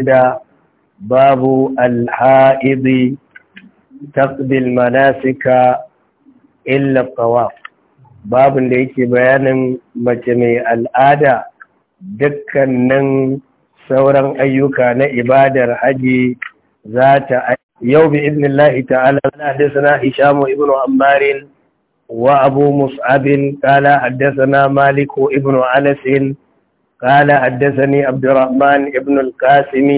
da babu alha'idi taqbil manasika illa tawaf babin da yake bayanin mace mai al'ada dukkanin sauran ayyuka na ibadar haji za ta yau bi Lahi ta'ala na hishamu ibnu ammarin wa abu mus'abin qala na maliku ibnu Alasin. قال حدثني عبد الرحمن ابن القاسم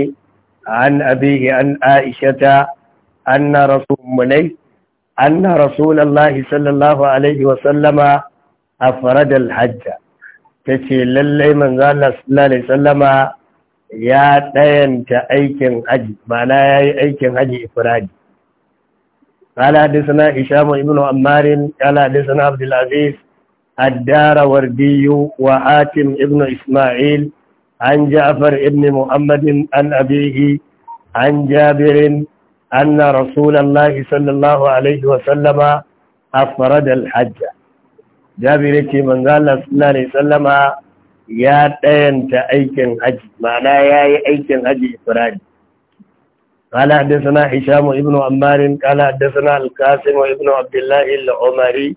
عن أبيه عن عائشة أن رسول مني أن رسول الله صلى الله عليه وسلم أفرد الحج تشي للي من قال صلى الله عليه وسلم ya ɗayanta aikin haji ma'ana ya yi aikin haji ifiradi قال حدثنا هشام بن عمار قال حدثنا عبد العزيز الدار وردي وآتم ابن إسماعيل عن جعفر ابن محمد عن أبيه عن جابر أن رسول الله صلى الله عليه وسلم أفرد الحج جابر يتي من قال صلى الله عليه وسلم يا تين أيكن حج معنى يا أيكن حج إفراد قال حدثنا هشام ابن عمار قال حدثنا القاسم وابن عبد الله العمري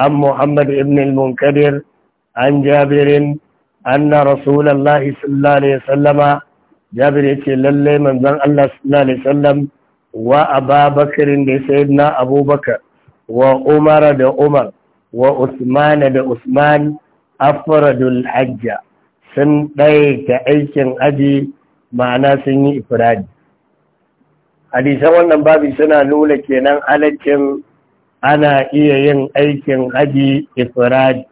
عن محمد بن المنكدر عن جابر أن رسول الله صلى الله عليه وسلم جابر يتي للي من ذن الله صلى الله عليه وسلم وأبا بكر سيدنا أبو بكر وعمر دا عمر وعثمان دا عثمان أفرد الحج سن دايك أيكن أجي ma'ana sun yi ifiradi hadisan wannan babi suna nuna kenan halaccin ana iya yin aikin haji ifradi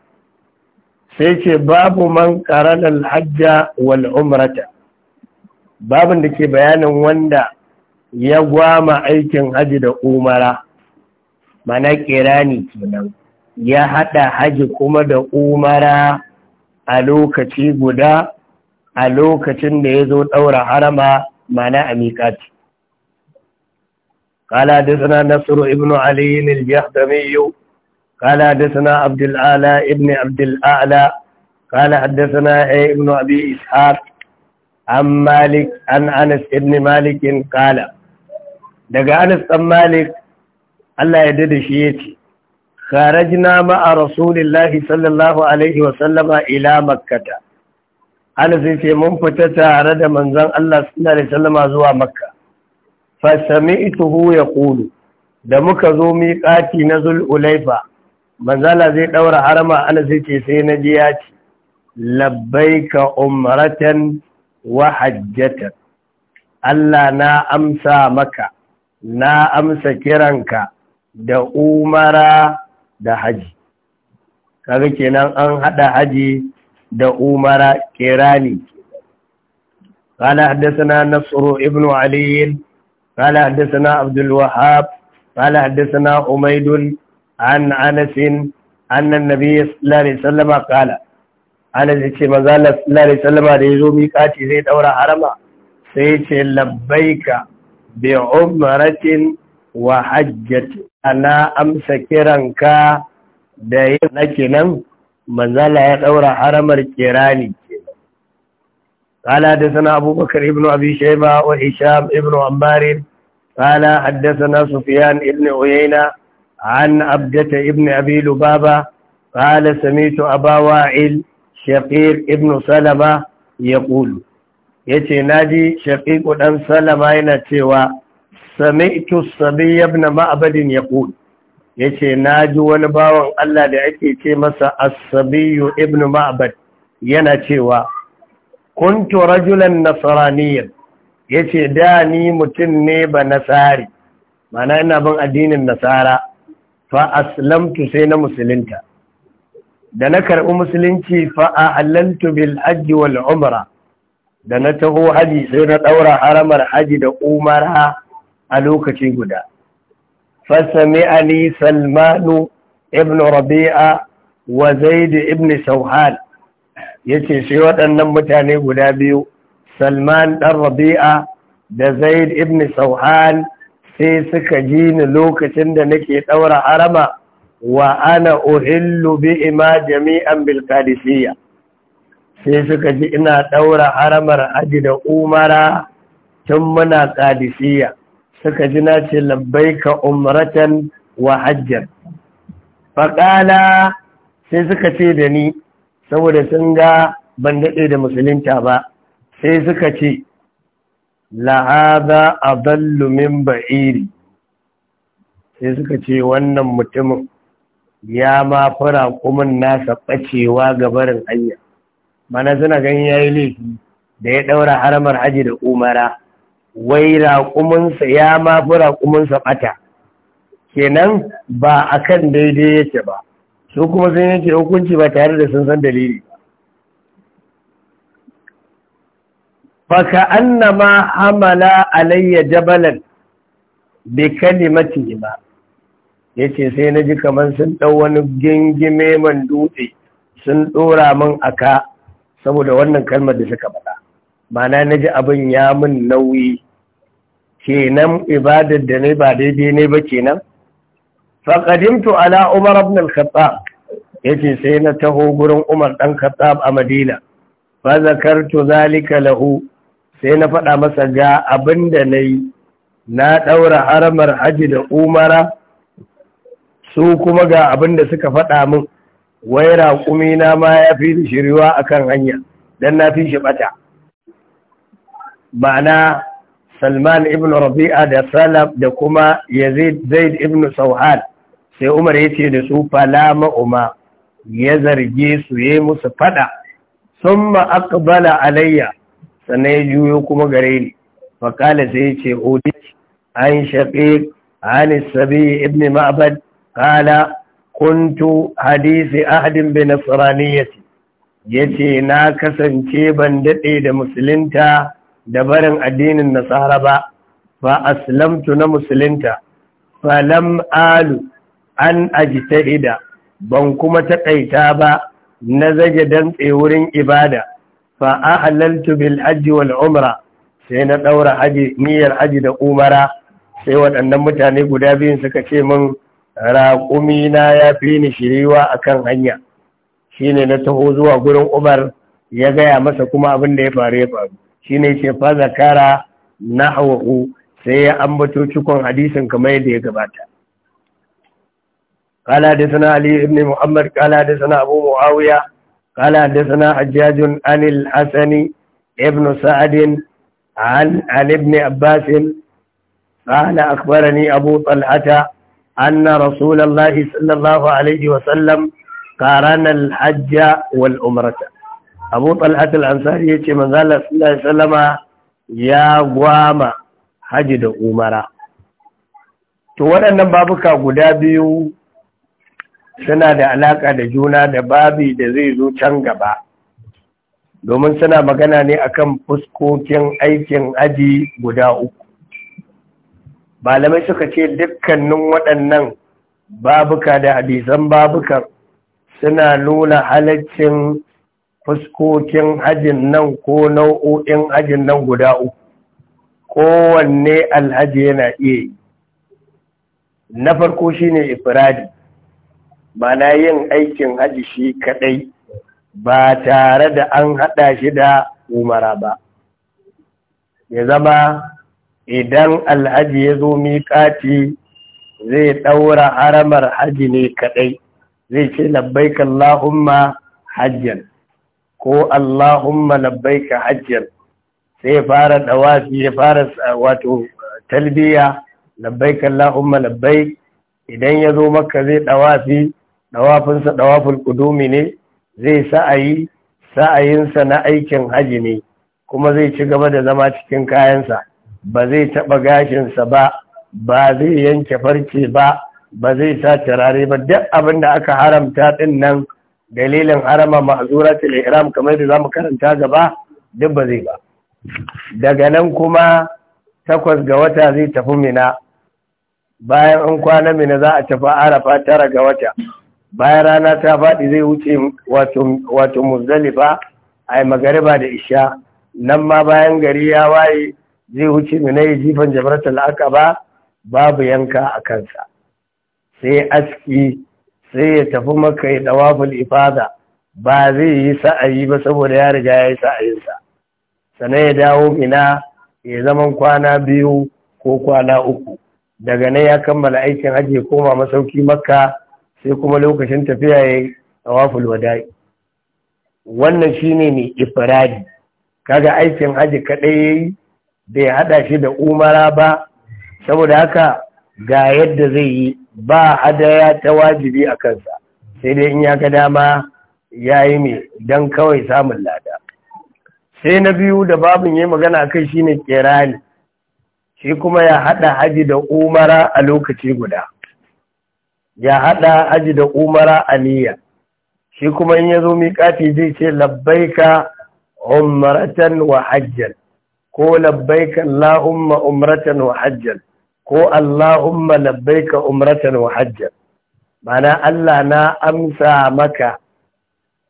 sai ce babu man ƙaranar hajja wal umrata babin da ke bayanin wanda ya gwama aikin haji da umara mana kirani kenan ya haɗa haji kuma da umara a lokaci guda a lokacin da ya zo ɗaura harama mana a قال حدثنا نصر ابن علي الجهدمي قال حدثنا عبد الأعلى ابن عبد الأعلى قال حدثنا ابن أبي إسحاق عن مالك عن أنس ابن مالك قال دقى أنس بن مالك الله يدد شيئتي خرجنا مع رسول الله صلى الله عليه وسلم إلى مكة أنس يتي منفتة رد منزان الله صلى الله عليه وسلم زوى مكة fasami'tuhu Kulu, da muka zo miƙati na zululaifa manzala zai ɗaura harama ana sai ce sai na ji ya ce labbaika umratan wa hajjatan Allah na amsa maka na amsa kiranka da umara da haji kaga kenan an hada haji da umara kirani قال حدثنا نصر Ibnu علي قال حدثنا عبد الوهاب قال حدثنا عميد عن أنس أن النبي صلى الله عليه وسلم قال أنس يتشي مزال صلى الله عليه وسلم ريزو ميقاتي زي دورة حرمة سيتشي لبيك بعمرة وحجة أنا أمسك رنكا da yin nake nan manzala ya ɗaura haramar kirani قال حدثنا أبو بكر ابن أبي شيبة وهشام ابن عمار قال حدثنا سفيان ابن عيينة عن أبجة ابن أبي لبابة قال سميت أبا وائل شقيق ابن سلمة يقول يتي ناجي شقيق ابن سلمة ينتوى سمعت الصبي ابن معبد يقول yace naji wani bawan Allah da ake ce masa as-sabiyyu ibn ma'bad yana cewa kuntu rajulan nasaraniyan, yace da ni mutum ne ba nasari mana ina bin addinin nasara fa aslamtu sai na musulunta da na karɓi musulunci fa ahlaltu bil hajji wal umra da na taho haji sai na ɗaura haramar haji da umara a lokaci guda Salmanu Ibn ابن wa وزيد Ibn سوحان yace sai waɗannan mutane guda biyu Salman ɗan Rabi'a da Zaid ibn Sauhan sai suka ji ni lokacin da nake ɗaura harama wa ana uhillu bi ima jami'an sai suka ji ina ɗaura haramar aji da umara tun muna qadisiyya suka ji na ce labbaika umratan wa hajjan faƙala sai suka ce da ni saboda sun ga ban daɗe da musulunta ba sai suka ce la'aza a zallumin ba'iri sai suka ce wannan mutumin ya ma fara kuma nasa ɓacewa ga barin hanya mana suna ganin ya laifi da ya ɗaura haramar haji da umara wai raƙuminsa ya ma fi raƙuminsa ɓata kenan ba akan daidai yake ba su kuma sun yanke hukunci ba tare da sun san dalili ba. faka annama hamala alayya jabalan bi kalimati ba ce sai na ji kamar sun ɗau wani gingime man dutse sun ɗora min aka saboda wannan kalmar da suka faɗa mana na ji abin ya min nauyi kenan ibadar da ne ba daidai ne ba kenan faƙadimtu ala umar ibn khattab yace sai na taho gurin Umar ɗan Khattab a Madina fa zakartu zalika lahu sai na faɗa masa ga abinda nayi na ɗaura haramar haji da umara su kuma ga abin da suka faɗa min wai raƙumi na ma ya fi shiriwa akan hanya dan na fi shi bata ma'ana Salman ibn Rabi'a da Salaf da kuma Yazid Zaid ibn sauhad sai Umar ya ce da su fala ma'uma ya zarge su ya musu fada sun bala alayya sannan ya juyo kuma gare ni faƙala sai ce odit an shaƙe, an sabi ibn ma'abad ƙala kuntu hadisi ahadin bai nasaraniyyati ya ce na kasance ban daɗe da musulunta da barin addinin nasara ba fa aslamtu na musulunta falam alu an ajtahida ban kuma taƙaita ba na zage dantse wurin ibada fa halaltu bil hajji wal umra sai na ɗaura haji niyyar haji da umara sai waɗannan mutane guda biyun suka ce min raƙumi na ya fi ni shiriwa akan hanya shine na taho zuwa gurin umar ya gaya masa kuma abin da ya faru ya faru shine ce fa zakara nahwahu sai ya ambato cikon hadisin kamar yadda ya gabata قال حدثنا علي بن محمد قال حدثنا أبو معاوية قال حدثنا حجاج عن الحسن ابن سعد عن عن ابن عباس قال أخبرني أبو طلحة أن رسول الله صلى الله عليه وسلم قارن الحج والأمرة أبو طلحة الأنصاري يتي من قال صلى الله عليه وسلم يا قوام حج da umara to waɗannan babuka guda biyu suna da alaƙa da juna da babi da zai zo can gaba domin suna magana ne akan fuskokin aikin aji guda uku malamai suka ce dukkanin waɗannan babuka da hadisan babukan suna nuna halaccin fuskokin hajin nan ko nau'o'in hajin nan guda uku kowanne alhaji yana iya yi na farko shine ifradi mana yin aikin haji shi kaɗai ba tare da an haɗa shi da umara ba ya zama idan alhaji ya zo miƙati zai ɗaura haramar haji ne kaɗai zai ce labbaika Allahumma hajjan ko Allahumma labbaika hajjan sai fara dawafi ya fara wato talbiya labbaika Allahumma labbaik idan ya zo maka zai dawafi Ɗawafinsa ɗawafin kudumi ne zai sa'ayi sa'ayinsa na aikin haji ne kuma zai ci gaba da zama cikin kayansa ba zai taɓa gashinsa ba ba zai yanke farce ba ba zai sa turare ba duk abin da aka haramta ɗin nan dalilin harama ta ihram kamar da zamu karanta gaba duk ba zai ba daga nan kuma takwas ga wata zai tafi mina bayan an kwana mina za a tafi arafa tara ga wata bayan rana ta faɗi zai wuce wato muzdalifa a magariba da isha nan ma bayan gari ya waye zai wuce mina yi jifan la'aka ba babu yanka a kansa sai aski sai ya tafi maka ya dawaful ifada ba zai yi sa'ayi ba saboda ya riga ya yi sa'ayinsa sannan ya dawo mina ya zaman kwana biyu ko kwana uku daga nan ya kammala aikin hajji koma masauki makka sai kuma lokacin tafiya ya yi tawaful wada'i wannan shine mai ifradi kaga aikin haji kadai yayi bai haɗa shi da umara ba saboda haka ga yadda zai yi ba hadaya ta wajibi a kansa sai dai in ya ga dama ya yi mai don kawai samun lada sai na biyu da babin yayi magana kai shine kirani shi kuma ya haɗa haji da umara a lokaci guda ya haɗa aji da umara aliyya shi kuma in ya zo miƙati zai ce labbaika umratan wa hajjal ko labbaika Allahumma umratan wa hajjal ko Allahumma labbaika umratan wa hajjal mana Allah na amsa maka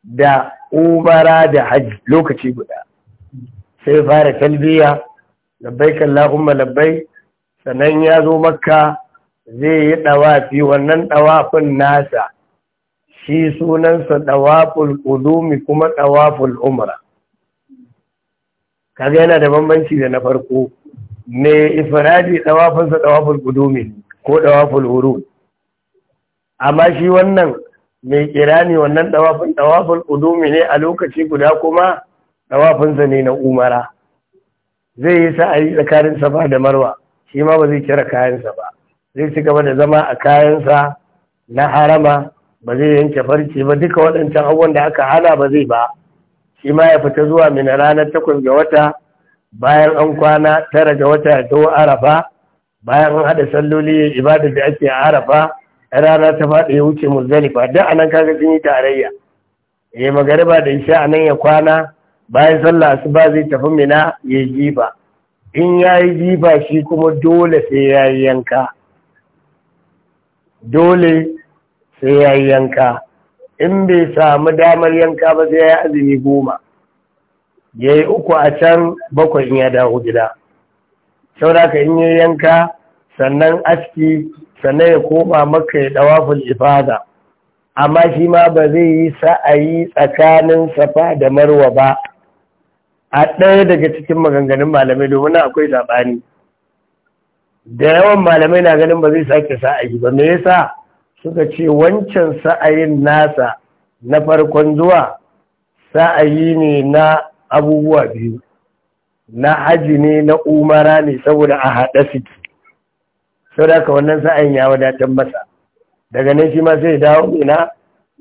da umara da hajji lokaci guda sai fara talbiya labbaika Allahumma labbai sannan ya zo makka zai yi ɗawafi wannan ɗawafin nasa shi sunansa ɗawaful ƙudumi kuma ɗawaful umra kaga yana da bambanci da na farko mai ifiradi ɗawafinsa ɗawaful ƙudumi ko ɗawaful huru amma shi wannan mai kirani wannan ɗawafin ɗawaful ƙudumi ne a lokaci guda kuma ɗawafinsa ne na umara zai yi sa'ayi tsakanin safa da marwa shi ma ba zai kira kayansa ba zai ci gaba da zama a kayansa na harama ba zai yanke farce ba duka waɗancan abubuwan da aka hana ba zai ba shi ma ya fita zuwa mina ranar takwas ga wata bayan an kwana tara ga wata ya tawo arafa bayan an haɗa salloli ya ibada da ake a arafa rana ta faɗi ya wuce muzdalifa duk anan kaga sun yi tarayya ya eh, magariba da isha anan ya kwana bayan sallah asuba zai tafi mina ya jifa in ya yi jifa shi kuma dole sai ya yi yanka dole sai ya yanka in bai samu damar yanka ba sai ya yi azumi goma ya yi uku a can bakwai in ya dawo gida sauraka in yi yanka sannan aski sannan ya koma maka ya dawa ifada amma shi ma ba zai yi sa'ayi tsakanin safa da marwa ba a ɗaya daga cikin maganganun malamai domin akwai zaɓani da yawan malamai na ganin ba zai sake sa'ayi ba me yasa suka ce wancan sa'ayin nasa na farkon zuwa sa'ayi ne na abubuwa biyu na haji ne na umara ne saboda a haɗa suke sau da wannan sa'ayin ya wadatar masa daga nan shi ma sai dawo ina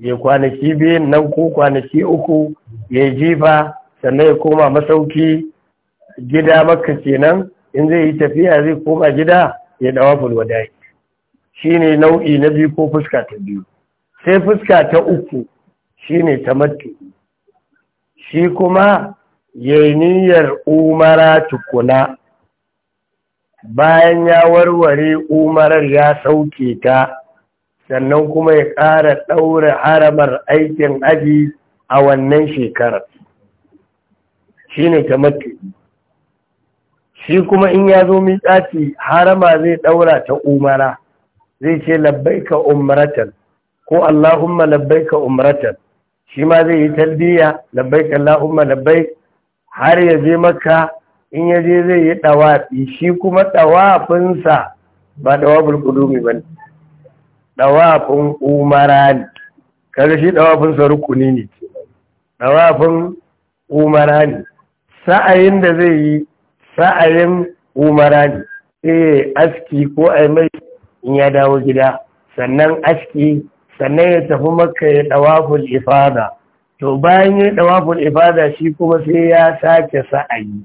ya kwanaki biyun nan ko kwanaki uku ya jifa sannan ya koma masauki gida maka kenan in zai yi tafiya zai koma gida ya dawaful Shi ne nau'i na biyu ko fuska ta biyu sai fuska ta uku shi ne ta matu shi kuma yayi niyyar umara tukuna bayan ya warware umarar ya sauke ta sannan kuma ya ƙara ɗaure haramar aikin aji a wannan shekarar shi ne ta matuɗi shi kuma in ya zo miƙati harama zai ɗaura ta umara zai ce Labbai labbaika umaratan ko Allahumma ka umaratan shi ma zai yi talbiya ka Allahumma labbai. har ya je maka in ya je zai yi ɗawafi shi kuma ɗawafinsa ba ɗawafin kudumi ba ne ɗawafin umara ne kada shi ɗawafinsa rukuni ne ɗawafin umara ne sa'ayin da zai yi sa'ayin umara ne sai aski ko a mai in ya dawo gida sannan aski sannan ya tafi maka ya dawaful ifada to bayan ya dawaful ifada shi kuma sai ya sake sa'ayi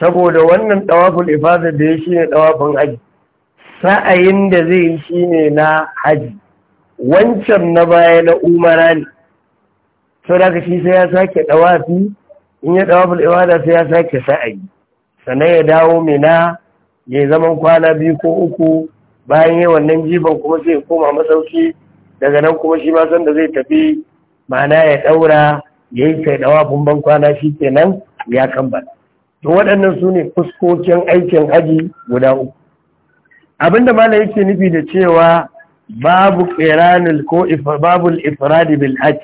saboda wannan dawaful ifada da ya shi ne dawafin aji sa'ayin da zai yi shi ne na haji wancan na baya na umara ne shi sai ya sake ɗawafi. in ya dawo ibada sai ya sake sa'ayi sannan ya dawo mina ya zaman kwana biyu ko uku bayan yi wannan jiban kuma sai ya koma masauki daga nan kuma shi ma da zai tafi mana ya ɗaura ya yi sai dawa bumban kwana shi ke nan, ya kammala to waɗannan su ne fuskokin aikin aji guda uku abinda mala yake nufi da cewa babu ƙeranil ko babu ifradi bil hajj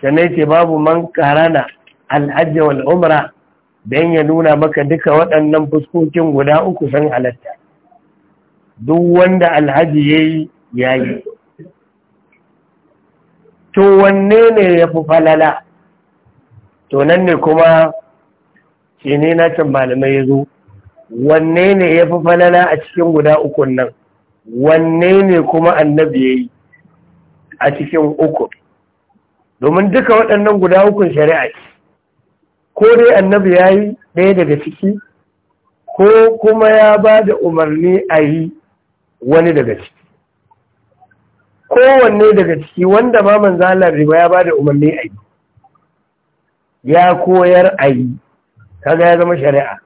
sannan ce babu man karana al'ajj wal umra dan ya nuna maka duka waɗannan fuskokin guda uku san halatta duk wanda alhaji yayi yayi to wanne ne ya fi falala to nan ne kuma shi ne na can malamai ya zo wanne ne ya fi falala a cikin guda uku nan wanne ne kuma annabi ya yi a cikin uku domin duka waɗannan guda hukun shari'a ce ko dai annabi ya yi ɗaya daga ciki ko kuma ya ba da umarni a yi wani daga ciki kowanne daga ciki wanda ma manzalar riba ya ba da umarni a yi ya koyar a yi kaga ya zama shari'a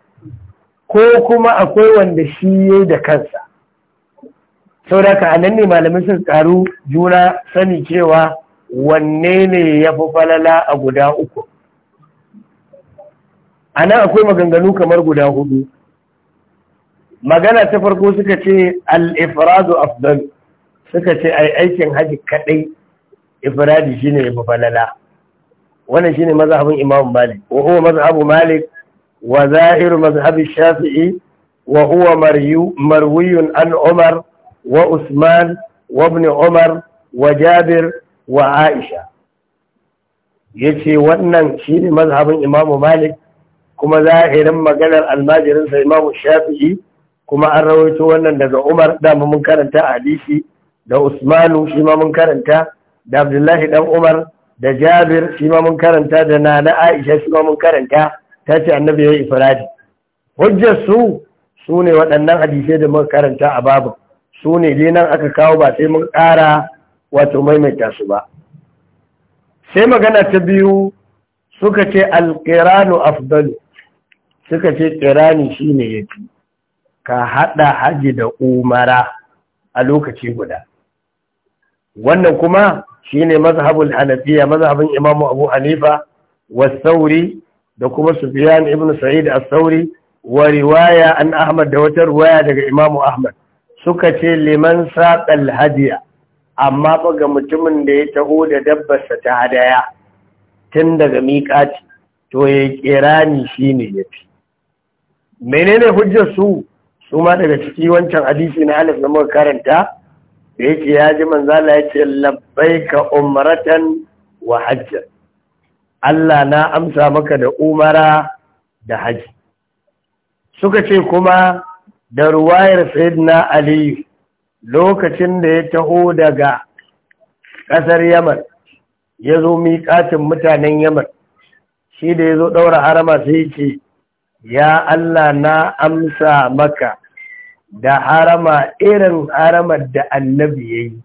ko kuma akwai wanda shi ya da kansa sauraka a nan ne malamin sun karu juna sani cewa wanne ne ya fi falala a guda uku a nan akwai maganganu kamar guda hudu magana ta farko suka ce al afdal suka ce a aikin haji kadai ifradi ne ya falala wannan ne mazhabin imamun malik wa huwa mazhabu malik wa zahir mazhabi shafi'i wa huwa marwiyun an umar wa usman wa umar wa jabir wa aisha yace wannan shi ne mazhabin imamun malik kuma zahirin maganar almajirin sai imamu shafi'i kuma an rawaito wannan daga umar dama mun karanta a hadisi da usmanu shi ma mun karanta da abdullahi dan umar da jabir shi ma mun karanta da nana aisha shi ma mun karanta ta ce annabi ya yi ifradi hujjar su su ne waɗannan hadisai da mun karanta a babu su ne dai nan aka kawo ba sai mun ƙara wato maimaita su ba sai magana ta biyu suka ce alƙiranu afdalu suka ce shi ne ya fi, ka haɗa haji da umara a lokaci guda wannan kuma shine mazhabul hanafiya mazhabin imamu abu hanifa wa sauri da kuma Sufiyan ibn sa'id as-sauri wa riwaya an ahmad da wata riwaya daga imamu ahmad suka ce liman saqal hadiya amma ba ga mutumin da ya taho da dabbarsa ta hadaya tun daga miƙaci to ya kirani shine yafi menene hujjar su su ma daga ciki wancan hadisi na alif na muka karanta da yake ya ji manzala ya ce labbaika umratan wa hajjan Allah na amsa maka da umara da haji suka ce kuma da ruwayar sayyidina ali lokacin da ya taho daga ƙasar yaman ya zo miƙatin mutanen yaman shi da ya zo ɗaura harama sai ce ya Allah na amsa maka da harama irin haramar da annabi ya yi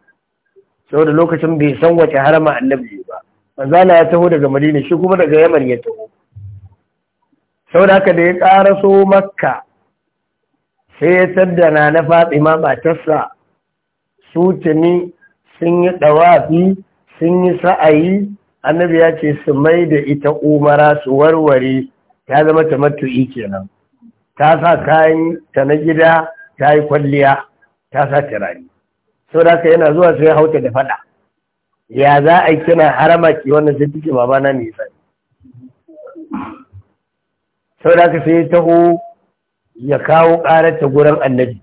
Sau da lokacin bai san wace harama annabi ba manzana ya taho daga madina shi kuma daga yamar ya taho Sau da haka da ya karaso makka sai ya taddana na faɗi ma matarsa su tuni sun yi ɗawafi sun yi sa'ayi annabi ya ce su mai da ita umara su warware ya zama tamattu'i kenan ta sa kayan ta na gida ta yi kwalliya ta sa turare sau da yana zuwa sai ya hauta da fada ya za a kina harama ki wannan sai take babana ne sai sau da sai ya taho ya kawo ƙararta gurin annabi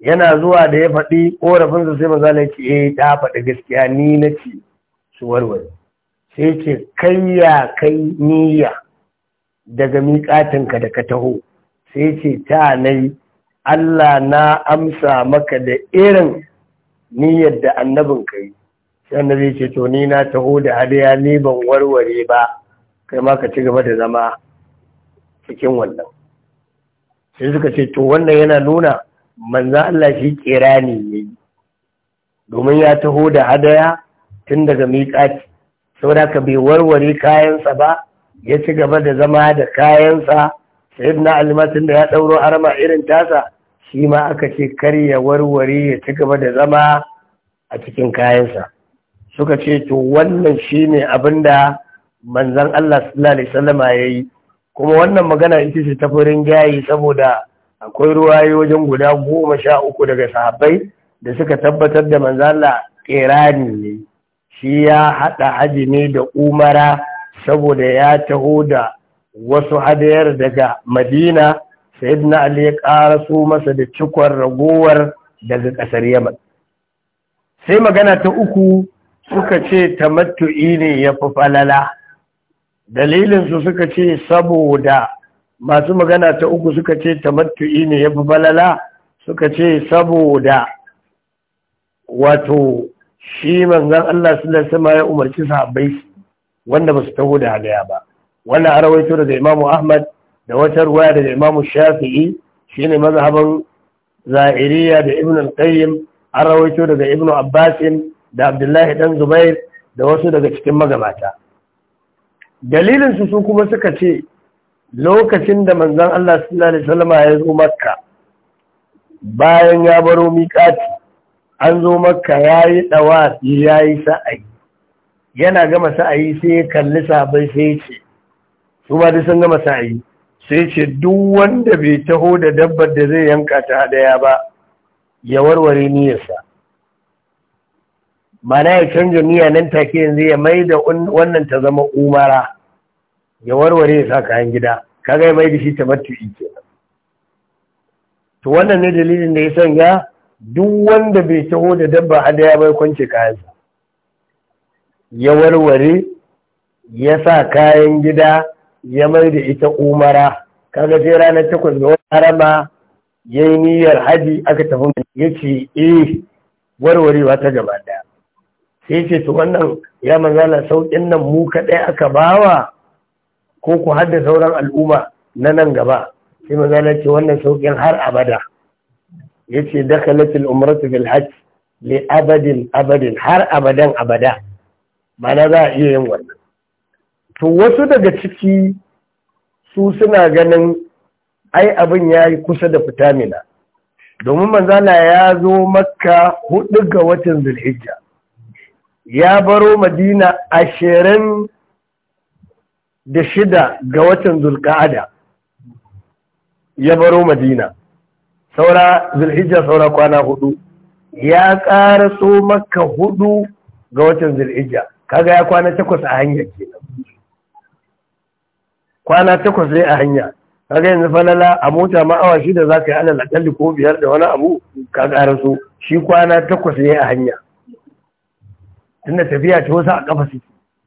yana zuwa da ya faɗi ƙorafinsa sai maza na ce eh ta faɗi gaskiya ni na ce su warware sai ce kai ya kai niyya daga miƙatinka da ka taho sai ce ta nai Allah na amsa maka da irin niyyar da annabin ka yi sai zai ce to ni na taho da hadaya ni ban warware ba kai ma ka ci gaba da zama cikin wannan sai suka ce to wannan yana nuna manza Allah shi kera ne domin ya taho da hadaya tun daga miƙaci saboda ka bai warware kayansa ba ya ci gaba da zama da kayansa na almatin da ya ɗauro arama irin tasa shi ma aka ce karya warware ya ci gaba da zama a cikin kayansa suka ce to wannan shi ne abin da manzan Allah sallallahu alaihi ya yi kuma wannan magana ita ce ta furin gayi saboda akwai ruwaye wajen guda goma sha uku daga sahabbai da suka tabbatar da manzan Allah ƙirani ne shi ya haɗa hajji ne da umara saboda ya taho da wasu hadayar daga madina na ali ya su masa da cikon ragowar daga ƙasar yaman sai magana ta uku suka ce tamattu'i ne ya fi falala dalilinsu suka ce saboda masu magana ta uku suka ce tamattu'i ne ya fi falala suka ce saboda wato shi manzan Allah su da sama ya umarci sahabbai wanda ba su taho da hadaya ba wannan arawaito da daga imamu ahmad da wata ruwaya da imamu shafi'i shine mazhaban za'iriya da ibn al-qayyim arawaito daga ibn abbasin da abdullahi dan zubair da wasu daga cikin magabata dalilin su su kuma suka ce lokacin da manzon Allah sallallahu alaihi wasallam ya zo makka bayan ya baro miƙati an zo makka yayi dawasi yayi sa'ayi yana gama sa'ayi sai ya kalli sahabbai sai ya ce su ma sun gama sa'ayi sai ya ce duk wanda bai taho da dabbar da zai yanka ta daya ba ya warware niyarsa. mana ya canja niyya nan take yanzu ya mai da wannan ta zama umara ya warware ya sa kayan gida kaga ya mai da shi tamattu'i kenan to wannan ne dalilin da ya sanya duk wanda bai taho da dabba daya bai kwance kayansa ya warware ya sa kayan gida ya mai da ita umara kaga sai ranar takwas ga wani harama ya yi niyyar haji aka tafi ya ce eh ba ta gaba da. sai ce to wannan ya manzana sauƙin nan mu kaɗai aka bawa ko ku hadda sauran al'umma na nan gaba sai manzana ce wannan sauƙin har abada ya ce dakalatul umratu bil hajj li abadin abadin har abadan abada mana za a iya yin wannan to wasu daga ciki su suna ganin ai abin ya yi kusa da fita mina domin manzala ya zo makka hudu ga watan zulhijja ya baro madina ashirin da shida ga watan zulka'ada ya baro madina saura zulhijja saura kwana hudu ya ƙara so makka hudu ga watan zulhijja kaga ya kwana takwas a hanyar ke kwana takwas ne a hanya kaga yanzu falala a mota ma awa shida za ka yi alal akalli ko biyar da wani abu ka ƙara so shi kwana takwas ne a hanya tunda tafiya ta wasu a ƙafa su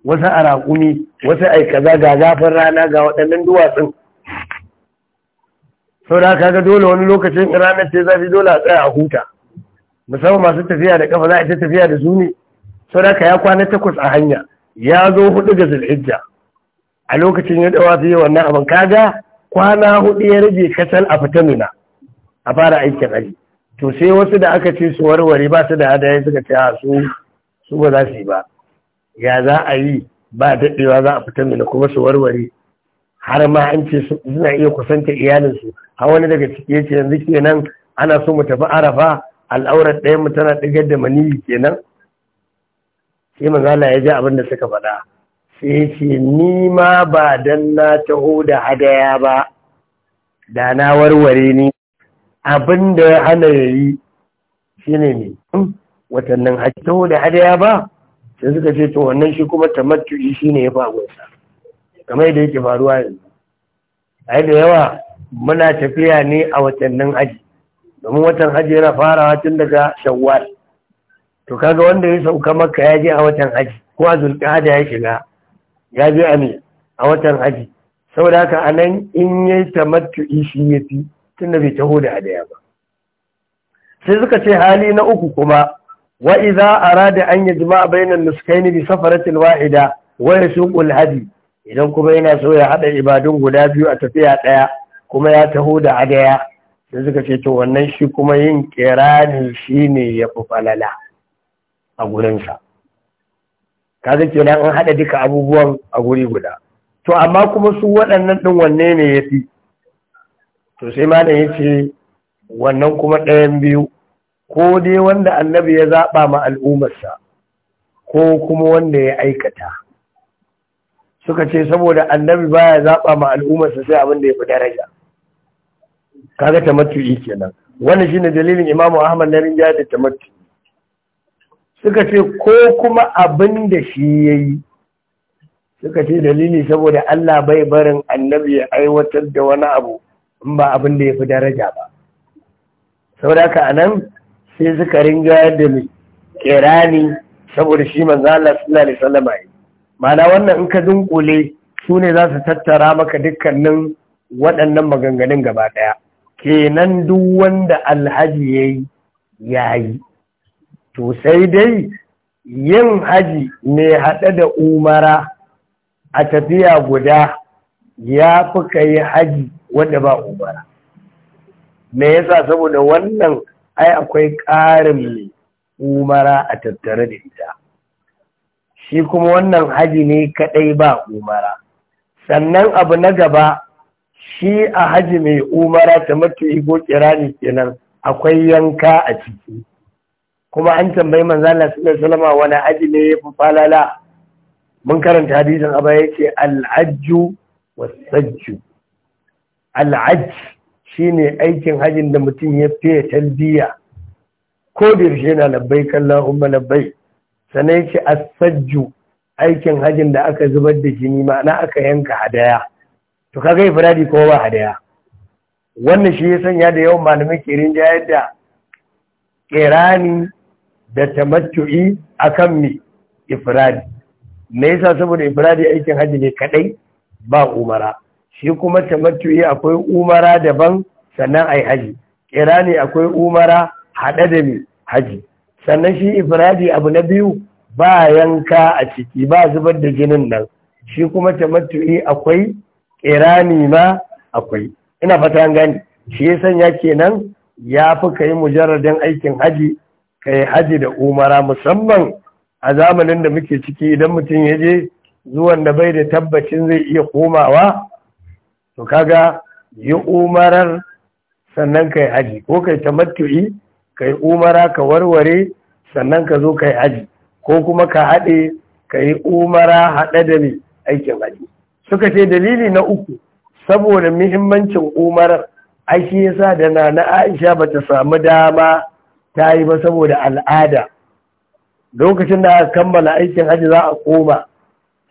wasu a raƙumi wasu a kaza ga zafin rana ga waɗannan duwatsun sau da kaga dole wani lokacin ranar ce zafi dole a tsaya a huta musamman masu tafiya da ƙafa za a ita tafiya da su ne sadaka ya kwana takwas a hanya ya zo hudu ga zulhijja a lokacin ya dawa yi wannan abin kaga kwana hudu ya rage kasal a fita nuna a fara aikin aji to sai wasu da aka ce su warware ba su da hadaya suka ce a su su ba za su yi ba ya za a yi ba daɗewa za a fita nuna kuma su warware har ma an ce suna iya kusanta iyalinsu har wani daga ciki ya ce yanzu kenan ana so mu tafi arafa al'aurar ɗaya mu tana ɗigar da maniyi kenan sai manzala ya ji abin da suka faɗa sai ce ni ma ba dan na taho da hadaya ba da na warware ni abin da hana ya yi shi ne ne hmm? watannin haƙi taho da hadaya ba sai suka ce to wannan shi kuma tamattu'i shi ne ya fagonsa kamar yadda yake faruwa yanzu Ai da yawa muna tafiya ne a watannin hajji domin watan hajji yana farawa tun daga shawwal to kaga wanda ya sauka maka ya je a watan haji ko a zulqa'ada ya shiga ya je a me a watan haji saboda haka a nan in yayi ya shi tun da bai taho da adaya ba sai suka ce hali na uku kuma wa idza arada an yajma bainan nuskaini bi safaratin wahida wa yasuqul hadi idan kuma yana so ya haɗa ibadun guda biyu a tafiya ɗaya, kuma ya taho da adaya, sai suka ce to wannan shi kuma yin shi ne ya fi falala a gurinsa kaga kenan an haɗa duka abubuwan a guri guda to amma kuma su waɗannan ɗin wanne ne ya fi to sai ma ya ce wannan kuma ɗayan biyu ko dai wanda annabi ya zaɓa ma al'ummarsa ko kuma wanda ya aikata suka ce saboda annabi baya zaɓa ma al'umarsa, sai abin da ya fi daraja kaga tamattu'i kenan wannan shine dalilin imamu ahmad na rinjaya da tamattu suka ce ko kuma abin da shi ya yi suka ce dalili saboda Allah bai barin annabi ya aiwatar da wani abu in ba abin da ya fi daraja ba saboda haka nan sai suka ringa da mai ni saboda shi manzo Allah sallallahu alaihi wasallam yi mana wannan in ka dunkule su ne za su tattara maka dukkanin waɗannan maganganun gaba ɗaya kenan duk wanda alhaji yayi yayi to sai dai yin haji mai haɗe da umara a tafiya guda ya fi ka yi haji wanda ba umara me yasa saboda wannan ai akwai ƙarin mai umara a tattare da ita shi kuma wannan haji ne kaɗai ba umara sannan abu na gaba shi a haji mai umara ta matu'i ko kirani kenan akwai yanka a ciki kuma an tambayi manzo Allah sallallahu alaihi wani aji ne ya falala mun karanta hadisin a yake yace al-ajju was-sajju al shi shine aikin hajin da mutum ya fiye talbiya ko da yaushe yana labbaik Allahumma labbai sanai yace as-sajju aikin hajin da aka zubar da jini ma'ana aka yanka hadaya to kaga kowa ko ba hadaya wannan shi ya sanya da yawan malamai ke rinjayar da kirani da tamattu'i akan mi ifradi me yasa saboda ifradi aikin hajji ne kaɗai, ba umara shi kuma tamattu'i akwai umara daban sannan ai haji kirani akwai umara hada da mi haji sannan shi ifradi abu na biyu ba yanka a ciki ba zubar da jinin nan shi kuma tamattu'i akwai kirani ma akwai ina fata gani shi ya sanya kenan ya fi kai mujarradin aikin haji ka yi haji da umara musamman a zamanin da muke ciki idan mutum ya je zuwan da bai da tabbacin zai iya komawa to kaga yi umarar sannan ka yi haji ko ka yi tamattu'i ka yi umara ka warware sannan ka zo ka yi haji ko kuma ka haɗe ka yi umara haɗe da mai aikin haji suka ce dalili na uku saboda muhimmancin umarar ai yasa da na na aisha ta samu dama ta yi ba saboda al'ada lokacin da aka kammala aikin hajji za a koma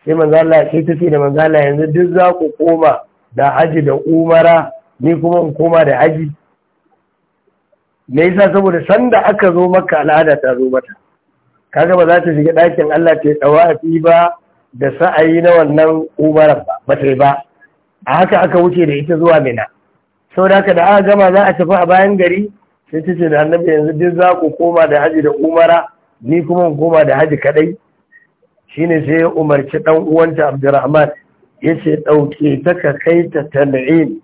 sai manzala sai ta ce da manzala yanzu duk za ku koma da hajji da umara ni kuma in koma da hajji me yasa saboda sanda aka zo maka al'ada ta zo mata kaga ba za ta shiga ɗakin Allah ta dawafi ba da sa'ayi na wannan umaran ba ba ta ba a haka aka wuce da ita zuwa mina da haka da aka gama za a tafi a bayan gari sai ta ce da annabi yanzu duk za ku koma da haji da umara ni kuma koma da haji kadai shine sai ya umarci dan uwanta abdurrahman ya ce ɗauke ta ka kai ta tan'im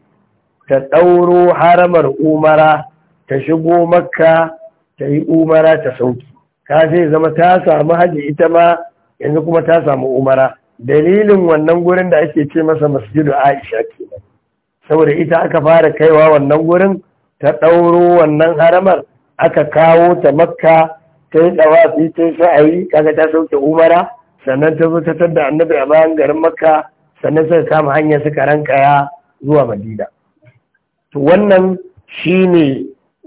ta ɗauro haramar umara ta shigo makka ta yi umara ta sauki ka sai zama ta samu haji ita ma yanzu kuma ta samu umara dalilin wannan gurin da ake ce masa masjidu aisha kenan saboda ita aka fara kaiwa wannan gurin ta ɗauro wannan haramar aka kawo ta makka ta yi ɗawafi ta yi sa'ayi kaga ta sauke umara sannan ta zo ta annabi a bayan garin makka sannan suka kama hanyar suka rankaya zuwa madina to wannan shi ne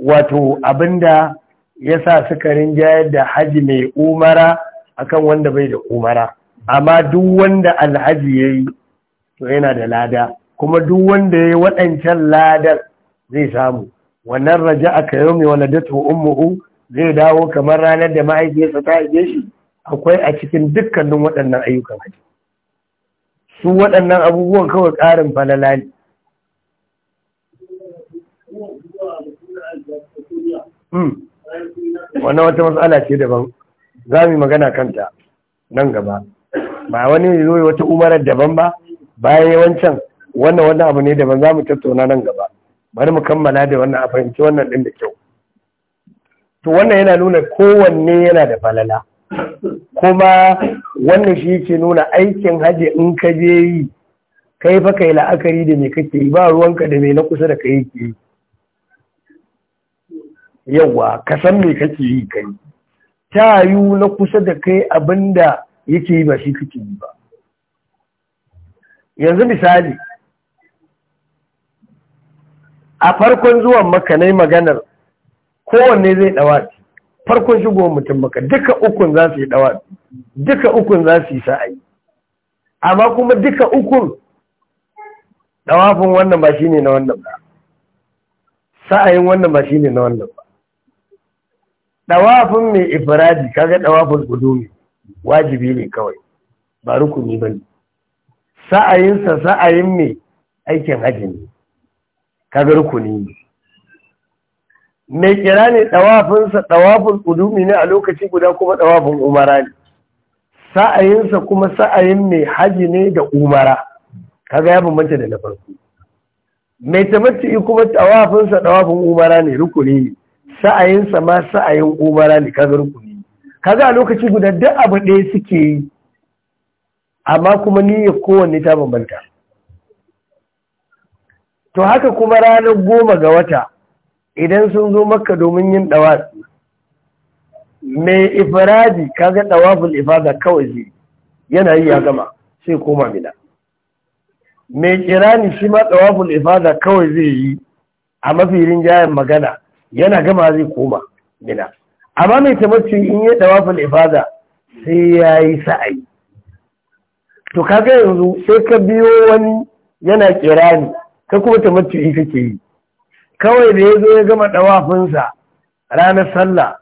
wato abinda ya sa suka rinjayar da haji mai umara akan wanda bai da umara amma duk wanda alhaji ya yi to yana da lada kuma duk wanda ya yi waɗancan ladar zai samu wannan raja aka yau mai datu ummuhu zai dawo kamar ranar da ma'aikiyarsa ta haife shi akwai a cikin dukkanin waɗannan ayyukan haji su waɗannan abubuwan kawai ƙarin falala ne hmm. wannan wata matsala ce daban za mu yi magana kanta nan gaba ba wani zo wata umarar daban ba bayan yawancin. wannan wani abu ne daban za mu tattauna nan gaba bari mu kammala da wannan a fahimci wannan ɗin da kyau to wannan yana nuna kowanne yana da falala kuma wannan shi yake nuna aikin haji in ka je yi kai fa kai la'akari da me kake yi ba ruwanka da me na kusa da kai yake yi yawa ka san me kake yi kai ta yu na kusa da kai abinda yake yi ba shi kake yi ba yanzu misali a farkon zuwan maka na maganar kowanne zai ɗawafi farkon shigowar mutum maka duka ukun za su yi ɗawafi duka ukun za su yi sa'ayi amma kuma duka ukun ɗawafin wannan ba shi ne na wannan ba sa'ayin wannan ba shi ne na wannan ba ɗawafin mai ifiradi kaga ɗawafin gudumi wajibi ne kawai ba rukuni ba ne sa'ayinsa sa'ayin mai aikin hajji ne kagar rukuni ne mai kira ne ɗawafinsa ɗawafin ƙudumi ne a lokaci guda kuma ɗawafin umara ne sa'ayinsa kuma sa'ayin mai haji ne da umara kaga ya bambanta da na farko mai tamattu'i kuma ɗawafinsa ɗawafin umara ne rukuni ne sa'ayinsa ma sa'ayin umara ne kaga rukuni kaga a lokaci guda duk abu ɗaya suke yi amma kuma niyyar kowanne ta bambanta to haka kuma ranar goma ga wata idan sun zo makka domin yin ɗawafi mai ifiradi kaga ɗawafin ifada kawai zai yana yi ya gama sai koma mina mai kirani shi ma ɗawafin ifada kawai zai yi a mafi rinjayen magana yana gama zai koma mina amma mai tabbaci in yi ɗawafin ifada sai ya yi sa'ayi to kaga yanzu sai ka biyo wani yana kirani ka kuma tamattu'i kake yi kawai da ya zo ya gama ɗawafinsa ranar sallah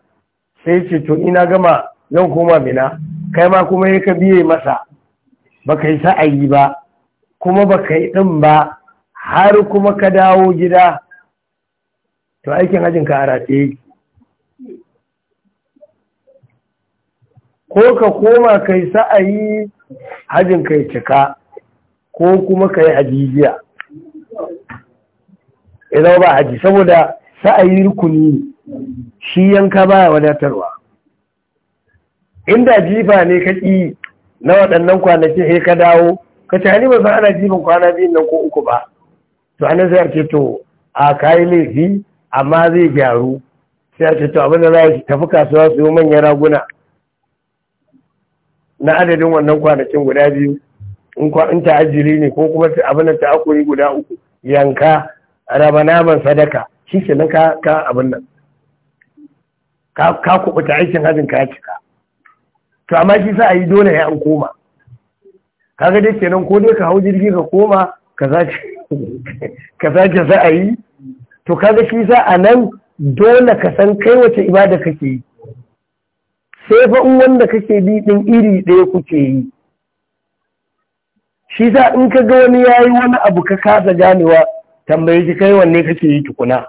sai ce to ina gama zan koma mina kai ma kuma ya ka biye masa ba ka yi sa'ayi ba kuma ba ka yi ɗin ba har kuma ka dawo gida to aikin hajjin ka arafe ko ka koma ka yi sa'ayi hajjin ka yi cika ko kuma ka yi ajijiya ya zama ba haji saboda sa'ayi rukuni shi yanka baya wadatarwa inda jifa ne ka ƙi na waɗannan kwanaki sai ka dawo ka ci halima san ana jifin kwana biyun nan ko uku ba to ana zai ce to a kayi laifi amma zai gyaru sai a ce to abin za a tafi kasuwa su yi manyan raguna na adadin wannan kwanakin guda biyu in ta ajiri ne ko kuma abin ta akuri guda uku yanka raba naman sadaka shi ke nan ka abin nan ka kubuta aikin hajjin ka ya cika to amma shi sa a yi dole ya an koma kaga dai kenan ko dai ka hau jirgi ka koma ka sake za a yi to kaga shi sa a nan dole ka san kai wace ibada kake yi sai fa in wanda kake bi din iri ɗaya kuke yi shi sa in ka ga wani ya yi wani abu ka kasa ganewa tambaye shi kai wanne kake yi tukuna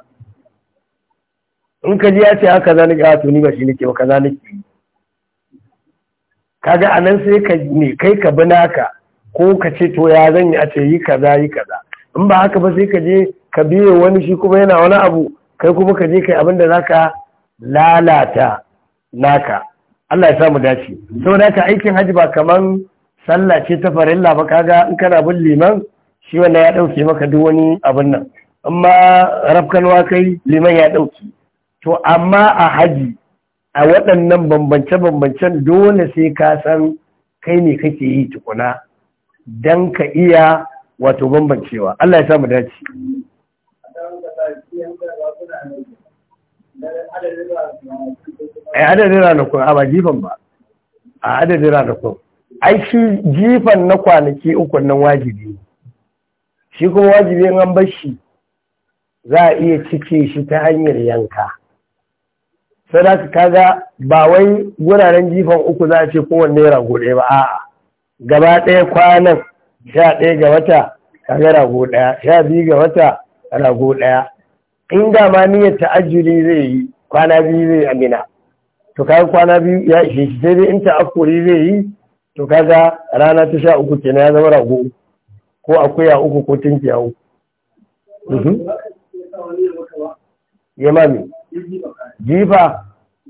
in ka ji ya ce haka za ni ga ah, tuni ba shi nake ba kaza nake kaga anan sai ka ne kai ka bi naka ko ka ce to ya zan yi a ce yi kaza yi kaza in ba haka ba sai ka je ka biye wani shi kuma yana wani abu kai kuma ka je kai abin da zaka lalata naka Allah ya samu dace saboda ka aikin haji ba kaman sallah ce ta farilla ba kaga in kana bin liman shi wannan ya ɗauke maka duk wani abin nan amma rafkanwa kai liman ya ɗauke to amma a haji a waɗannan bambance-bambancen dole sai ka san kai ne kake yi tukuna don ka iya wato bambancewa Allah ya samu dace a eh, adadin ranakun a ba jifan ba a adadin ranakun ai shi jifan na kwanaki uku nan wajibi shi kuma wajibi an shi za a iya cike shi ta hanyar yanka sai da kaga ba wai wuraren jifan uku za a ce kowanne rago ɗaya ba a'a gaba ɗaya kwanan sha ɗaya ga wata ga rago ɗaya sha biyu ga wata rago ɗaya in da ma niyyar ta'ajjuli zai yi kwana biyu zai amina to kaga kwana biyu ya ishe shi sai dai in ta'akuri zai yi to kaga rana ta sha uku kenan ya zama rago uku ko akuya uku ko tunkiya uku mhm. yamami jifa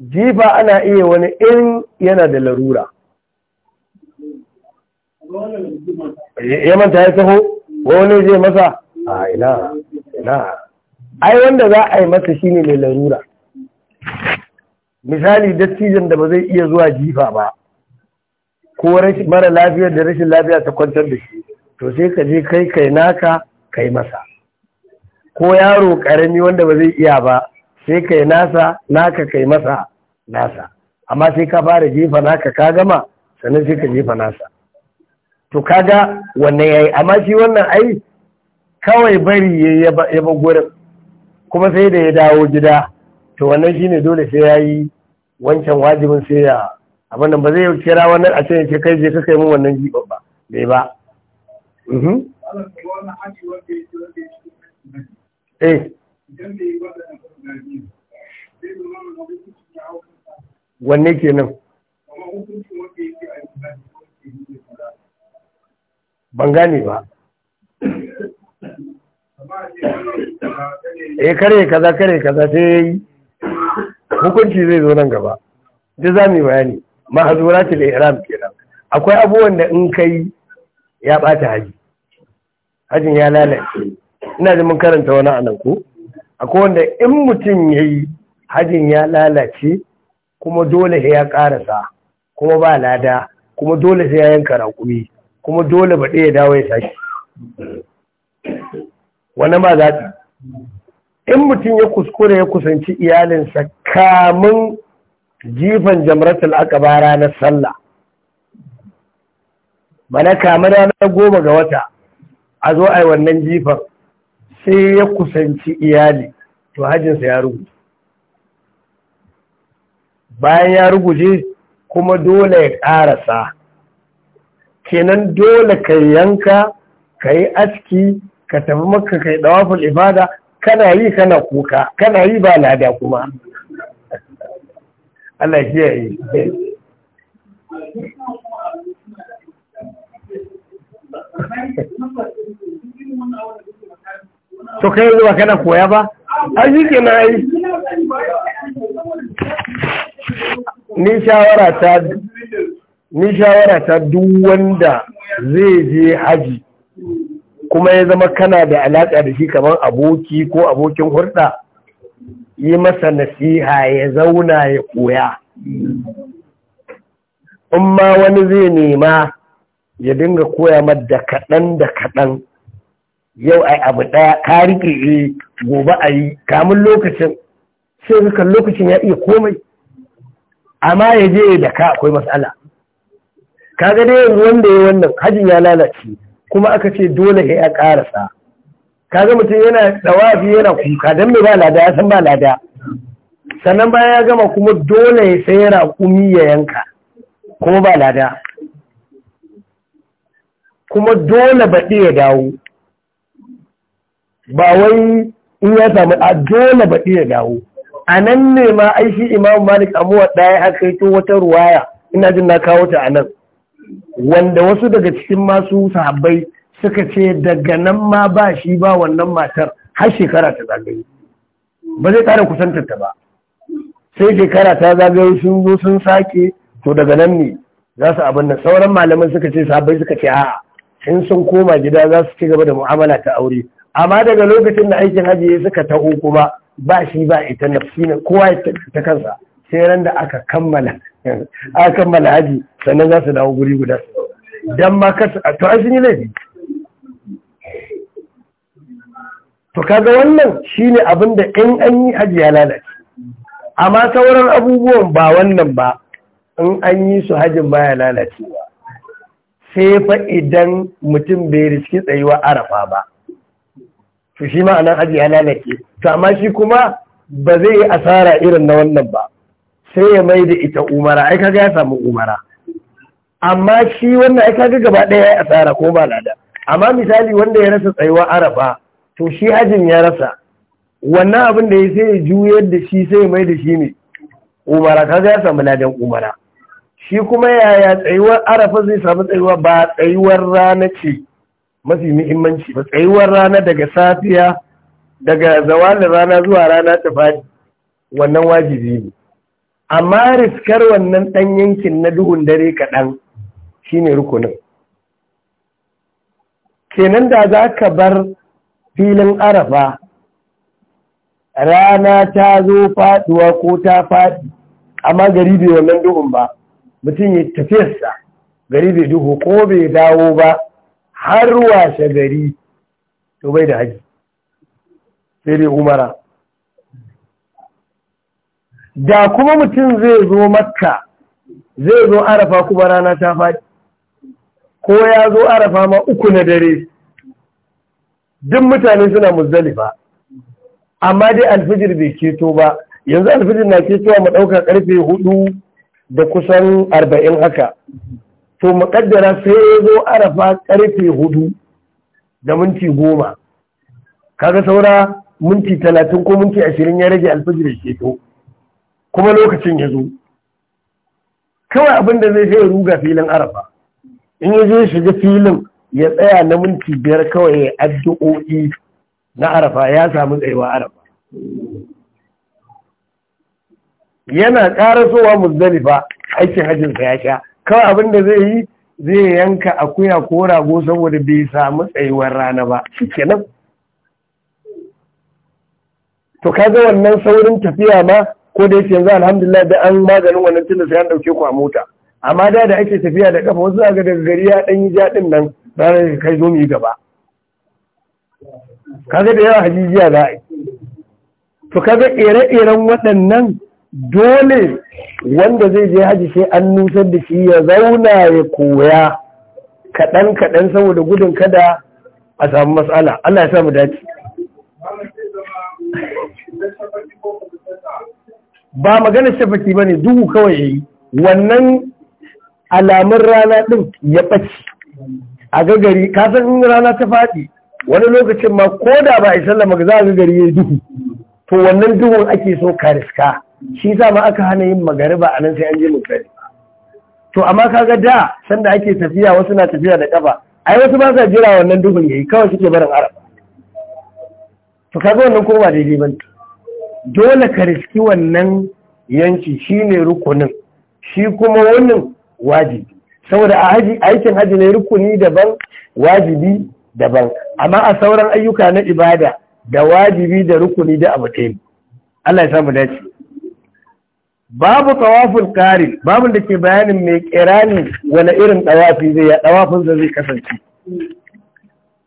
jifa ana iya wani in yana da larura manta ya taho wani zai masa a ina ina ai wanda za a yi masa shine mai larura misali dattijan da ba zai iya zuwa jifa ba ko mara lafiyar da rashin lafiya ta kwantar da shi to sai ka je kai kai naka kai masa ko yaro karami wanda ba zai iya ba sai kai nasa naka kai masa nasa amma sai ka fara jefa naka ka gama sannan sai ka jefa nasa to kaga wannan yayi amma shi wannan ai kawai bari ya ba gurin kuma sai da ya dawo gida to wannan shine dole sai yayi wancan wajibin sai ya abin ba zai kira wannan a ce kai je ka kai mun wannan jiban ba bai ba Mhm. Eh. wanne kenan ban gane ba eh kare kaza kare kaza sai yi. hukunci zai zo nan gaba duk za mu yi bayani mahazuratul ihram kenan akwai abubuwan da in kai ya ɓata haji hajin ya lalace ina da mun karanta wani anan ko akwai wanda in mutum ya yi hajin ya lalace kuma dole sai ya ƙarasa kuma ba lada kuma dole sai ya yanka raƙumi kuma dole ba ɗaya dawo ya sake wani ba za ta in mutum ya kuskure ya kusanci iyalinsa kamun jifan jamratul akabara na sallah mana kamar ranar goma ga wata a zo a yi wannan jifar sai ya kusanci iyali to hajjinsa ya rubuta bayan ya ruguje kuma dole ya ƙarasa kenan dole ka yanka ka yi aski ka tafi maka ka yi ɗawafin ibada kana yi kana kuka kana yi ba lada kuma Allah shi ya yi to kai yanzu kana koya ba a shi ke na yi ni shawara ta duk wanda zai je haji kuma ya zama kana da alaƙa da shi kamar aboki ko abokin hurɗa, yi masa nasiha ya zauna ya koya in ma wani zai nema ya dinga koya mada da kaɗan da kaɗan yau ai abu ɗaya ka riƙe eh, gobe a yi kamun lokacin sai kan lokacin ya iya komai amma ya je da ka akwai matsala kaga dai yanzu wanda ya wannan hajin ya lalace kuma aka ce dole ya ya karasa kaga mutum yana dawafi yana kuka don mai ba lada ya san ba lada sannan bayan ya gama kuma dole ya sai raƙumi ya yanka kuma ba lada kuma dole baɗi ya dawo ba wai in ya samu a dole baɗi ya dawo a nan ne ma ai imam malik amuwa ɗaya a to wata ruwaya ina jin na kawo ta a nan wanda wasu daga cikin masu sahabbai suka ce daga nan ma ba shi ba wannan matar har shekara ta zagaye ba zai ƙara kusantar ta ba sai shekara ta zagaye sun zo sun sake to daga nan ne za su abin nan sauran malaman suka ce sahabbai suka ce a'a in sun koma gida za su ci gaba da mu'amala ta aure amma daga lokacin da aikin hajji suka taho kuma ba shi ba ita nafsi kowa ya ta kansa sai ran da aka kammala aka kammala haji sannan za su dawo guri guda dan ma kasu a to sun yi laifi to kaga wannan shine abin da in an yi hajji ya lalace amma sauran abubuwan ba wannan ba in an yi su hajin ba ya lalacewa sai fa idan mutum bai riski tsayuwa arafa ba to shi ma anan hajji ya lalace to amma shi kuma ba zai yi asara irin na wannan ba sai ya mai da ita umara ai kaga ya samu umara amma shi wannan ai kaga gaba ɗaya ya asara ko ba lada amma misali wanda ya rasa tsayuwa arafa to shi hajjin ya rasa wannan abin da ya sai ya juyar da shi sai ya mai da shi ne umara kaga ya samu ladan umara shi kuma yaya tsayuwar arafa zai samu tsayuwa ba tsayuwar rana ce mafi muhimmanci ba tsayuwar rana daga safiya daga zawalin rana zuwa rana ta fadi wannan wajibi ne amma riskar wannan ɗan yankin na duhun dare kaɗan shine rukunin kenan da za ka bar filin arafa rana ta zo faduwa ko ta faɗi amma gari bai wannan duhun ba mutum ya tafiyarsa gari bai duhu ko bai dawo ba har washe gari to bai da haji sai dai umara da kuma mutum zai zo makka zai zo arafa kuma rana ta faɗi ko ya zo arafa ma uku na dare duk mutane suna muzalifa amma dai alfijir bai keto ba yanzu alfijir na ketowa mu ɗauka ƙarfe hudu da kusan arba'in haka to makaddara sai ya zo arafa karfe hudu da minti goma kaga saura minti talatin ko minti ashirin ya rage alfajir ke to kuma lokacin ya zo kawai abin da zai sai ruga filin arafa in ya je shiga filin ya tsaya na minti biyar kawai ya addu'o'i na arafa ya samu tsayuwa arafa yana karasowa muzdalifa aikin hajjinsa ya sha kawai abin da zai yi zai yanka akuya ko rago saboda bai samu tsayuwar rana ba shi kenan to kaga wannan saurin tafiya ma ko da yake yanzu alhamdulillah da an maganin wannan tunda sai an dauke ku a mota amma da da ake tafiya da kafa wasu zaga daga gari ya dan yi jaɗin nan ranar kai zo mu yi gaba kaga da yawa hajijiya za a yi to kaga ire-iren waɗannan dole wanda zai je haji sai an nusar da shi ya zauna ya koya kaɗan kaɗan saboda gudun kada a samu matsala Allah ya samu dace ba magana shafaki ba ne duhu kawai ya yi wannan alamun rana ɗin ya ɓaci a gagari kasan in rana ta faɗi wani lokacin ma ko da ba a yi sallama za a gagari ya yi duhu to wannan duhun ake so ka riska shi ma aka hana yin magariba a nan sai an je mutane to amma kaga da sanda ake tafiya wasu na tafiya da kafa ai wasu ba sa jira wannan duhun yayi kawai suke barin araba to kaga wannan koma daidai ba dole ka riski wannan yanci shine rukunin shi kuma wannan wajibi saboda a haji aikin haji ne rukuni daban wajibi daban amma a sauran ayyuka na ibada da wajibi da rukuni da abu Allah ya samu dace babu tawaful karin babu da ke bayanin mai kirani wani irin tawafi zai ya tawafin da zai kasance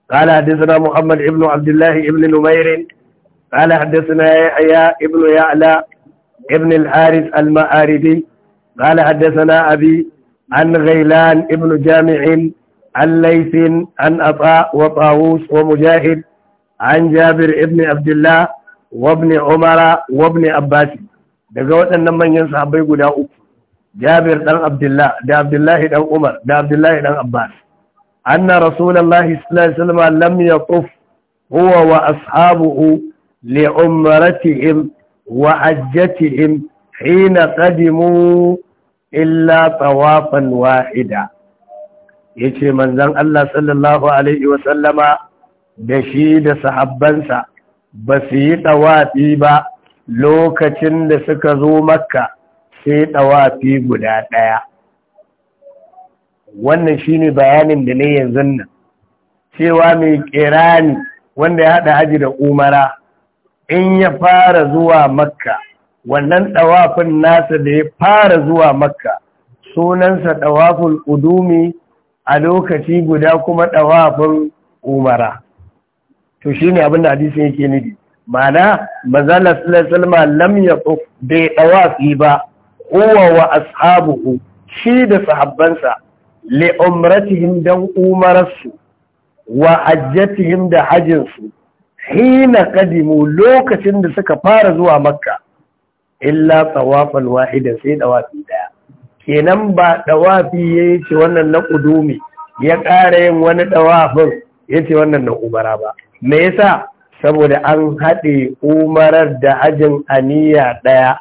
قال حدثنا محمد ابن عبد الله ابن نمير قال حدثنا يحيى ابن يعلى ابن الحارث المآربي قال حدثنا أبي عن غيلان ابن جامع عن ليث عن أطاء وطاووس ومجاهد عن جابر ابن عبد الله وابن عمر وابن عباس daga waɗannan manyan sahabbai guda uku jabir dan abdullah da abdullahi dan umar da abdullahi dan abbas anna rasulullahi sallallahu alaihi wasallam lam yaquf huwa wa ashabuhu li umratihim wa hajjatihim hina qadimu illa tawafan wahida yace manzon Allah sallallahu alaihi wasallama da shi da sahabbansa ba su yi tawafi ba lokacin da suka zo makka sai ɗawafi guda ɗaya wannan shine bayanin da ne yanzu nan cewa mai ne wanda ya haɗa haji da umara in ya fara zuwa makka wannan ɗawafin nasa da ya fara zuwa makka sunansa ɗawafin udumi a lokaci guda kuma ɗawafin umara to shine abin da hadisun yake nufi mana manzala salama lam ya bai fi ba kowa wa ashabuhu shi da sahabbansa li umratihim dan umararsu wa hajjatihim da hajjinsu hina kadimu lokacin da suka fara zuwa makka illa tsawafal wahida sai fi ɗaya. kenan ba ya yi ce wannan na ƙudumi ya ƙara yin wani ya yace wannan na umara ba me yasa saboda an haɗe umarar da hajin aniya ɗaya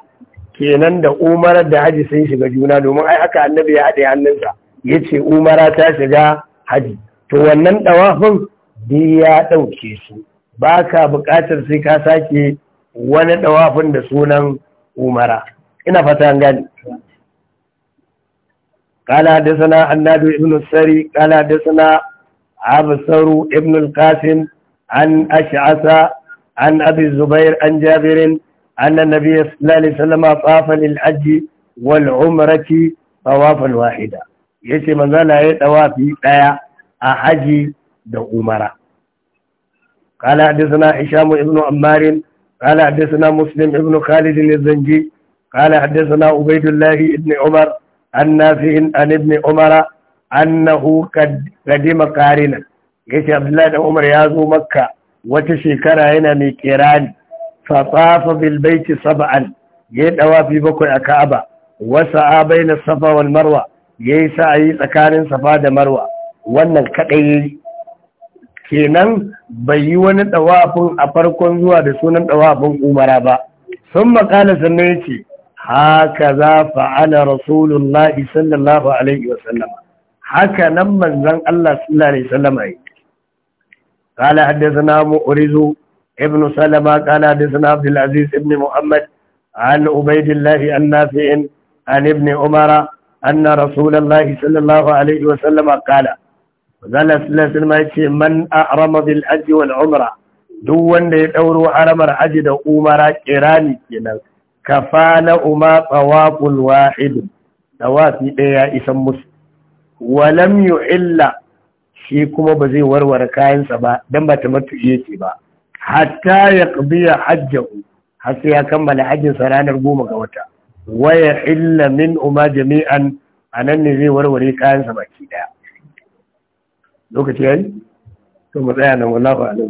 kenan da umarar da haji sun shiga juna domin ai aka annabi ya haɗe hannunsa ya ce umara ta shiga haji to wannan ɗawafin duk ya ɗauke su ba ka buƙatar sai ka sake wani ɗawafin da sunan umara ina fata gani قال حدثنا النادو ابن السري قال حدثنا Ibn ابن القاسم عن أشعث عن أبي الزبير عن جابر أن النبي صلى الله عليه وسلم طاف للحج والعمرة طوافا واحدا يشي من ذلك طوافي لا أحجي دو أمرا قال حدثنا هشام بن عمار قال حدثنا مسلم بن خالد الزنجي قال حدثنا عبيد الله بن عمر عن نافع عن ابن عمر أنه قدم قارنا yace abdullahi da umar ya zo makka wata shekara yana mai kirani fatsafa bilbaiti saba'an ya yi dawafi bakwai a ka'aba wasa abai na safa wal marwa ya yi sa'ayi tsakanin safa da marwa wannan kaɗai ya yi kenan bai yi wani dawafin a farkon zuwa da sunan dawafin umara ba sun makala sannan ya ce haka za fa'ana rasulullahi sallallahu alaihi wasallam haka nan manzan Allah sallallahu alaihi wasallam قال حدثنا مؤرز ابن سلمة قال حدثنا عبد العزيز بن محمد عن عبيد الله النافع عن ابن عمر أن رسول الله صلى الله عليه وسلم قال قال سلسل من أحرم بالحج والعمرة دون يدور حرم الحج دا عمر كراني كنا كفان أما طواف واحد طواف إيا إسم مسلم ولم يحل shi kuma ba zai warware kayansa ba don ba ta matuje yake ba hatta ya biya hajjahu har sai ya kammala hajjin sa ranar goma ga wata waya illa min umma jami'an nan ne zai warware kayansa baki daya lokaci yayi to mu tsaya nan wallahi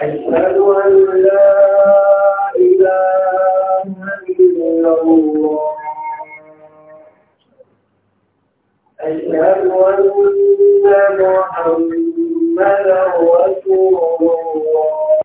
أشهد أن لا إله إلا الله أشهد أن محمدا رسول الله